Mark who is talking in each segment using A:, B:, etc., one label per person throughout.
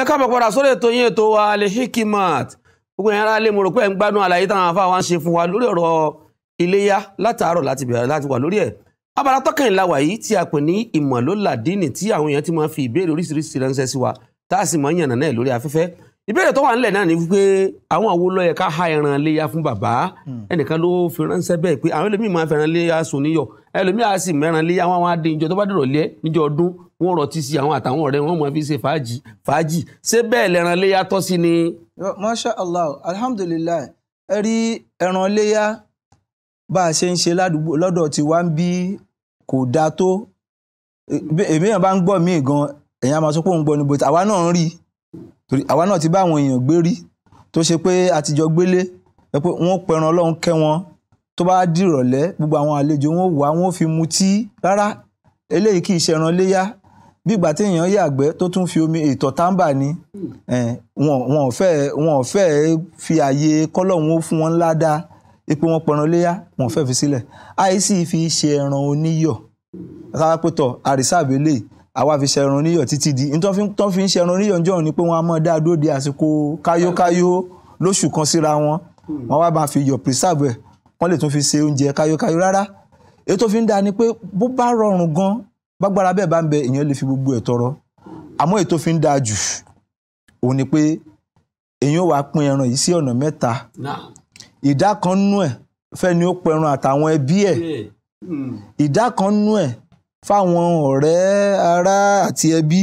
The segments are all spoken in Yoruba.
A: ẹ káàbọ̀ padà sórí ètò yín ètò wa Al-Hikmat gbogbo yẹn ara lè mo rò pé ẹ̀ ń gbádùn àlàyé táwọn afá wa ń ṣe fún wa lórí ọ̀rọ̀ iléyá látàárọ̀ láti bẹ̀rẹ̀ láti wà lórí ẹ̀ abala tọ́kànlá wà yìí tí a pè ní ìmọ̀lólàdínì tí àwọn èèyàn ti máa fi ìbéèrè oríṣiríṣi ránṣẹ́ sí wa tá a sì máa ń yànnà náà lórí afẹ́fẹ́ ìbéèrè tó wà nílẹ̀ náà ni wípé àwọn àwo ló yẹ ká ha ẹran léya fún bàbá hmm. ẹnìkan ló fi ránṣẹ́ bẹ́ẹ̀ pé àwọn ẹlòmíì máa fẹ́ràn léya sùn níyọ̀ ẹlòmíì á sì mẹ́ran léya wọn á dín ìjọ tó bá dúró lé níjọ ọdún wọn rọtí sí àwọn àtàwọn ọ̀rẹ́ wọn máa fi ṣe fàájì fàájì ṣé bẹ́ẹ̀ lẹ́ran léya tọ́ sí ni.
B: masha allah alhamdulilayi ẹ rí ẹran léya bá a ṣe ń ṣe ládùúgbò lọ́dọ̀ tí wá ń bí kò dáa tó èmi yẹn bá ń gbọ́ míì gan èèyàn máa sọ pé òun gbọ́ ni bó ti àwa náà ń rí i torí àwa náà ti bá àwọn èèyàn gbé rí tó ṣe pé àtijọ́ gbélé ẹ pé wọ́n pẹran ọlọ́run kẹ́ wọn tó bá dìrọ̀lẹ́ gbogbo àwọn àlejò wọn wà wọn fi mutí rárá eléyìí kì í ṣe ẹran léyà bí ìgbà téèyàn yàgbẹ́ tó tún fi omi ìtọ̀ táǹbà ni wọn ò fẹ́ wọn ò fẹ́ fi àyè kọ́lọ́hún ó fún wọn ńlá ipò wọn pẹran léyà wọn ò fẹ́ fi sílẹ̀ àìsí fi ṣe ẹran oníyọ̀ káwá pé tọ̀ àrísàbẹ̀lẹ̀ yìí àwa fi ṣẹran oníyọ̀ títí di nítorí tó fi ń ṣẹran oníyọ̀ ń ni pé wọ́n á mọ̀ dá dúró de àsìkò káyókáyó lóṣù kan síra wọn wọ́n wá máa fi yọ̀ preserve ẹ̀ wọ́n lè tún fi ṣe oúnjẹ káyókáyó rárá èyí fi ń da ni pé bó bá rọrùn gan gbàgbára bẹ́ẹ̀ bá ń bẹ èèyàn lè fi gbogbo ẹ̀ tọrọ àmọ́ èyí fi ń da jù òun ni pé èèyàn wàá pín ẹran yìí sí ọ̀nà mẹ́ta ìdá kan nú ẹ̀ fẹ́ni ó pẹran àtàwọn ẹbí ẹ̀ hmm. ìdá kan nú ẹ̀ fáwọn ọ̀rẹ́ ará àti ẹbí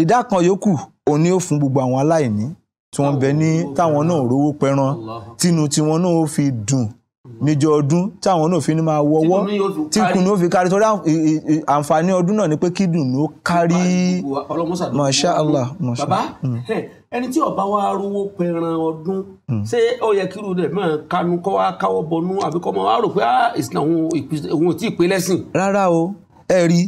B: ìdá kan yòókù òun ni ó fún gbogbo àwọn aláìní tí wọ́n bẹ ní táwọn náà rówó pẹran tínú tiwọn náà fi dùn níjọ ọdún táwọn náà fi ní máa wọwọ́ tí kùn ní ó fi kárí torí àǹfààní ọdún náà ni pé kí dùn ní ó kárí masha allah bàbá
A: mm ẹni tí ọba wa rówó pẹran ọdún hmm. ṣé ó yẹ kí irú rẹ mọ kánú kọ wá káwọ́ bọnú àbí kọ mọ wá rò pé ìsìn ah, òun ò tí ì pé lẹ́sìn.
B: rárá o ẹ rí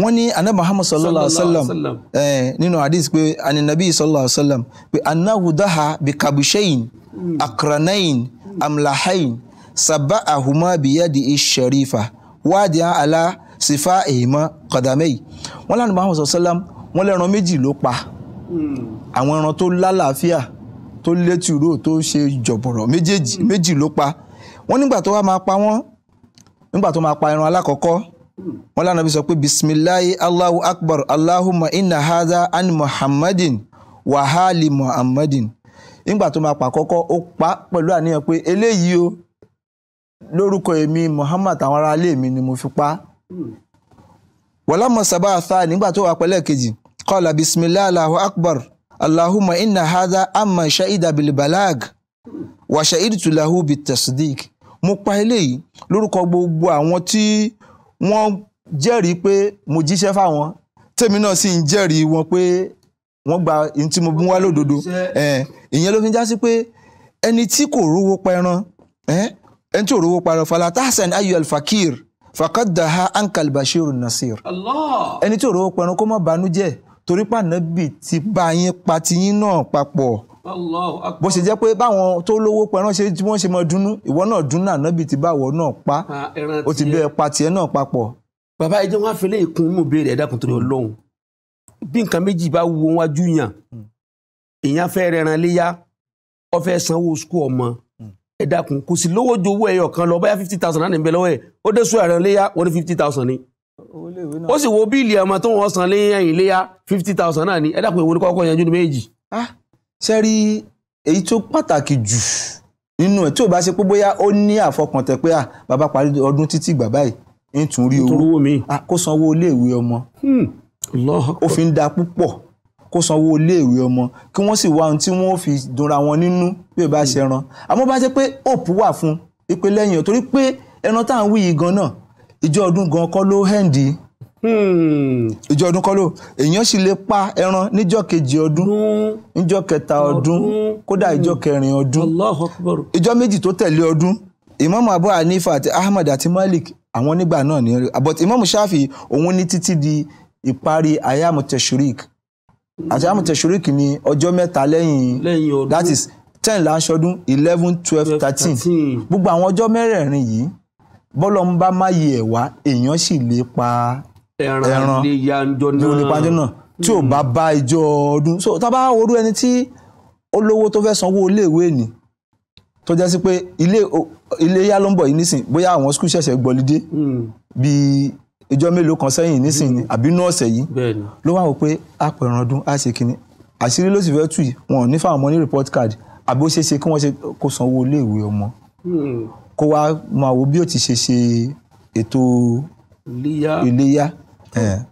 B: wọ́n ní anabi muhammad sallallahu alaihi wa sallam eh, nínú hadith pé aninabi sallallahu alaihi wa sallam pé anahudaha bi kabushain hmm. akranain hmm. amlahain saba ahuma biyadi isharifa wadiya ala sifa ehima kadamei wọ́n lánàá muhammad sallallahu alaihi wa sallam wọ́n lẹ́ran méjì ló pa. àwọn ẹran tó lálàáfíà tó létúrò tó ṣe jọ̀bọ̀rọ̀ méjì ló pa wọ́n nígbà tó wá máa pa wọ́n nígbà tó máa pa ẹran alákọ̀ọ́kọ́ wọ́n lánàá bí sọ pé bisimilahi allahu akbar allahumma inna hadha an muhammadin wahali muhammadin nígbà tó pa kọ́kọ́ ó pa pẹ̀lú àníyàn pé eléyìí o lórúkọ èmi muhammad àwọn aráalé mi ni mo fi pa wọ́n lámọ̀ قال بسم الله akbar allahumma inna hadha amma shahida bilibalag wa shahidu lahu bitasdik mo pa eléyìí lórúkọ gbogbo àwọn tí wọ́n jẹ́rìí pé mo jíṣẹ́ fáwọn tèmi náà sì ń jẹ́rìí wọn pé wọ́n gba ẹni tí mo mú wá lódodo ìyẹn ló fi já sí pé ẹni tí kò rówó pẹran ẹni tí ò rówó pẹran falata hasan ayu alfakir fakadaha ankal bashir nasir ẹni tí ò rówó pẹran kó má banújẹ́ torí pànábì ti bá yín pa tiyín náà papọ̀ bó ṣe jẹ́ pé báwọn tó lówó pẹran ṣe tí wọ́n ṣe mọ dúnú ìwọ náà dúnú ànábì ti bá ìwọ náà pa O ti bẹ́ẹ̀ pa tiẹ̀ náà papọ̀.
A: bàbá ẹ jẹ́ wọ́n á fi léyìn kún mú béèrè ẹ̀dá kan tó lè lọ́hùn bí nǹkan méjì bá wo wájú yàn hmm. èèyàn fẹ́ rẹran léyà ó fẹ́ sanwó sukú ọmọ hmm. ẹ̀dá kan kò sí lówó jowó ẹyọ kan lọ báyà fifty thousand náà níbẹ̀ lọ́wọ́ ẹ̀ ó dé sùn ẹ̀ràn léyà wọ́n ní fifty thousand ni ó sì wo bíìlì ọmọ tó wọ́n san léyìn ẹ̀yìn léyà fifty thousand náà ni ẹ dàpọ̀ èwo ni kọ́kọ́ yanjú ní méjì. Ah, ṣe rí èyí tó pàtàkì jù nínú
B: ẹ̀ tí ò bá ṣe pé bóyá ó ní àfọkàntẹ̀ pé ah, bàbá parí ọdún títí ìgbà báyìí ń tún rí owó ah, kó sanwó iléèwé ọmọ hmm, ó fi ń da púpọ̀ kó sanwó iléèwé ọmọ kí wọ́n sì wá ohun tí wọ́n fi dunra wọn nínú bí ó bá ṣe hmm. ran àmọ́ bá jẹ́ pé hope wà fún un pé torí pé ẹran tá ń wí yìí gan náà ìjọ ọdún gan kọ́ ló hẹ́ǹdì ìjọ hmm. ọdún kọ́ ló èèyàn sì lè pa ẹran níjọ kejì ọdún níjọ kẹta ọdún kódà ìjọ kẹrin ọdún ìjọ méjì tó tẹ̀lé ọdún Imam Abu Hanifa àti Ahmad àti Malik àwọn nígbà náà ní but Imam Shafi òun ní títí di ìparí ayamu teshurik àti ayamu teshurik ní ọjọ́ mẹ́ta lẹ́yìn that is ten láṣọdún eleven twelve thirteen gbogbo àwọn ọjọ́ mẹ́rẹ̀ẹ̀rin yìí bọ́lọ̀ ń bá máyè ẹ̀ wá èèyàn sì lè pa ẹran lè
A: náà tí ò bá bá
B: ìjọ ọdún so tá a bá orú ẹni tí olówó tó fẹ́ sanwó iléèwé ni tó jẹ́ sí pé ilé iléyá ló ń bọ̀ yìí nísìn bóyá àwọn skul ṣẹ̀ṣẹ̀ gbọ́lidé hmm. bíi ìjọ mélòó kan sẹ́yìn nísìn ni àbí inú ọ̀sẹ̀ yìí ló wà wò pé apẹ̀ràn ọdún á ṣe kínní àṣírí ló sì fẹ́ tù yìí wọn ò ní fáwọn ọmọ ní report card àbí ó ṣeé ṣe kí wọ́n ṣe kó sanwó iléèwé ọmọ hmm kó wá máa wo bí ó ti ṣe ṣe ètò iléyà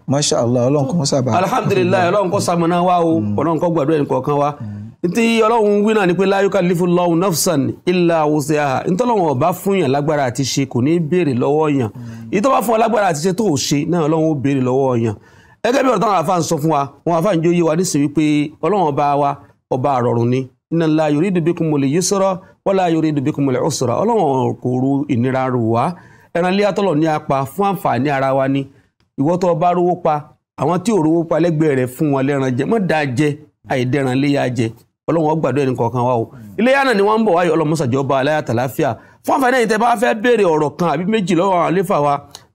B: masha allah ọlọ́run kò sábà. alhamdulilayi
A: ọlọ́run kò sàmúná wa o mm. ọlọ́run kò gbàdúrà ẹnì kọ̀ọ̀kan wa mm. ntí ọlọ́run wí náà ni pé la yukallifu Allahu nafsan illa wus'aha ntọ́lọ́run ọba fún yàn lágbára àti ṣe kò ní béèrè lọ́wọ́ yàn mm. ìtọ́ bá fún ọ lágbára àti ṣe tó o ṣe náà ọlọ́run ó béèrè lọ́wọ́ yàn gẹ́gẹ́ bí ọ̀rọ̀ táwọn àfáà ń sọ fún wa wọn àfáà ń jó yé wa nísìnyí pé ọlọ́run ọba wa ọba àrọ̀rùn ni inna Allaha yuridu bikumul yusra wala yuridu bikumul usra ọlọ́run kò ro ìnira rò wá ẹran ilé atọ́lọ̀ ní apá fún àǹfààní ara wa ni ìwọ tó bá rówó pa àwọn tí ò rówó pa lẹ́gbẹ̀ẹ́ rẹ̀ fún wọn lẹ́ran jẹ mọ́ dáa jẹ àìdẹ́ran iléyà jẹ ọlọ́run ọgbàdo ẹni kọ̀ọ̀kan wa o iléyà náà ni wọ́n ń bọ̀ wáyé ọlọ́mọsàjọba aláyàtàláfíà fún àǹfààní ẹ̀yin tẹ́ bá wa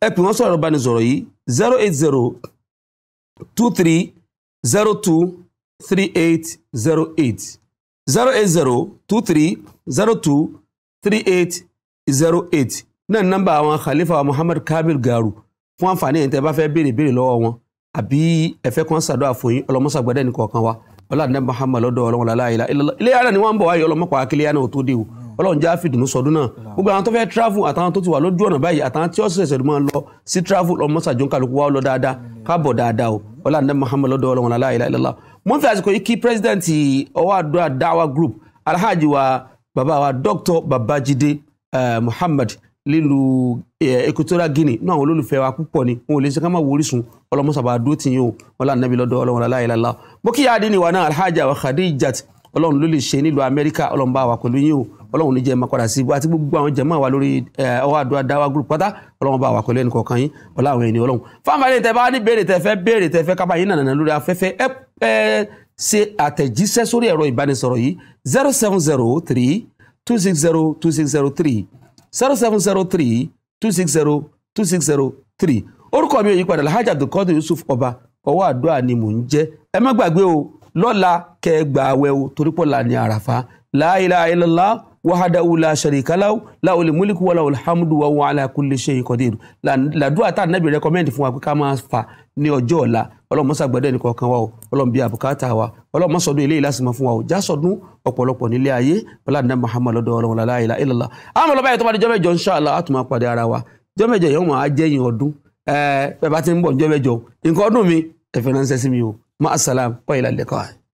A: ẹ pè wọ́n sọ̀rọ̀ ìbánisọ̀rọ̀ zero eight zero two three zero two three eight zero eight. 08023023808 náà ní nọ́mbà àwọn Khalifa Muhammad Kabir Garu fún àǹfààní ẹ̀yin tẹ́ bá fẹ́ béèrè béèrè lọ́wọ́ wọn àbí ẹ̀fẹ́ kan ṣàdúrà fún yín ọlọ́mọ́sàgbẹ́dẹ́ ní kọ̀ọ̀kan wa ọlọ́dún Muhammad lọ́dọ̀ ọlọ́wọ́n láláyìlá ilé ara ni wọ́n ń bọ̀ wáyé ọlọ́mọ́pàá akílẹ̀ yánà tó dé o ọlọ́run já fìdùnnú sọdún náà gbogbo àwọn tó fẹ́ travel àtàwọn tó ti wà lójú ọ̀nà báyìí àtàwọn tí ó ṣẹ̀ṣẹ̀ lọ sí travel ọmọ ṣàjọǹkàlùkù wa lọ dáadáa káàbọ̀ dáadáa o ọlá ní muhammed lọ́dọ̀ ọlọ́run la ilaha illallah mo ń fi àsìkò yìí kí president ọwọ́ àdúrà group alhaji wa bàbá wa dr babajide eh, muhammed lílu eh, Equatorial Guinea náà àwọn olólùfẹ́ wa púpọ̀ ni wọn ò lè ṣe ká má wo Orísun ọlọmọsàbà dúró tì yín o wọn láàánú nàbí lọ́dọ̀ ọlọ́run la ilaha illallah bókíyá adínìwá náà alhaja wa khadijat ọlọ́run ló lè ṣe nílùú amẹ́ríkà ọlọ́run bá wa pẹ̀lú yín o ọlọ́run ní jẹ́ máa padà sí àti gbogbo àwọn jẹ̀mọ́ wa lórí ọwọ́ àdúrà dáwà group pátá ọlọ́run bá wà pẹ̀lú ẹnì kọ̀ọ̀kan yín ọlá àwọn ènìyàn ọlọ́run. fáńfàlẹ́ tẹ bá ní béèrè tẹ fẹ́ béèrè tẹ fẹ́ kábà yín nànà lórí afẹ́fẹ́ ẹ ẹ ṣe àtẹ̀jíṣẹ́ sórí ẹ̀rọ ìbánisọ̀rọ̀ yìí zero seven zero three two six zero two six zero three zero seven zero three two six zero two six zero three orúkọ mi ò yípadà Alhaji Abdulkadir Yusuf Ọba ọwọ́ àdúrà ni mò ń jẹ́ ẹ má gbàgbé o lọ́la kẹgbàá wẹ̀ o torípọ̀ là ní àràfà la wahadahu la sharika lahu lahul mulku wa lahul hamdu wa huwa ala kulli shay'in qadir làdúrà tá ànábì rẹkọmẹ́ndì fún wa pé ká máa fà ní ọjọ́ ọ̀la ọlọ́run mọ́sá gbọ́dọ̀ ẹnì kọ̀ọ̀kan wa o ọlọ́run bíi àbùkátà wa ọlọ́run mọ́sọ̀dún eléyìí láti mọ̀ fún wa o já sọdún ọ̀pọ̀lọpọ̀ nílé ayé ọlọ́dún Muhammad lọ́dọ̀ ọlọ́run la ilaha illallah àwọn ọlọ́ba yẹn tó bá di jọ́mẹ́jọ inshallah á tún máa pàdé ara wa jọ́mẹ́jọ yẹn wọ́n á jẹ́yìn ọdún ẹ̀ẹ́ bẹ́ẹ̀ bá ti ń bọ̀ jọ́mẹ́jọ nǹkan ọdún mi ẹ̀fẹ̀ ránṣẹ́ sí mi o ma assalam wa ila liqa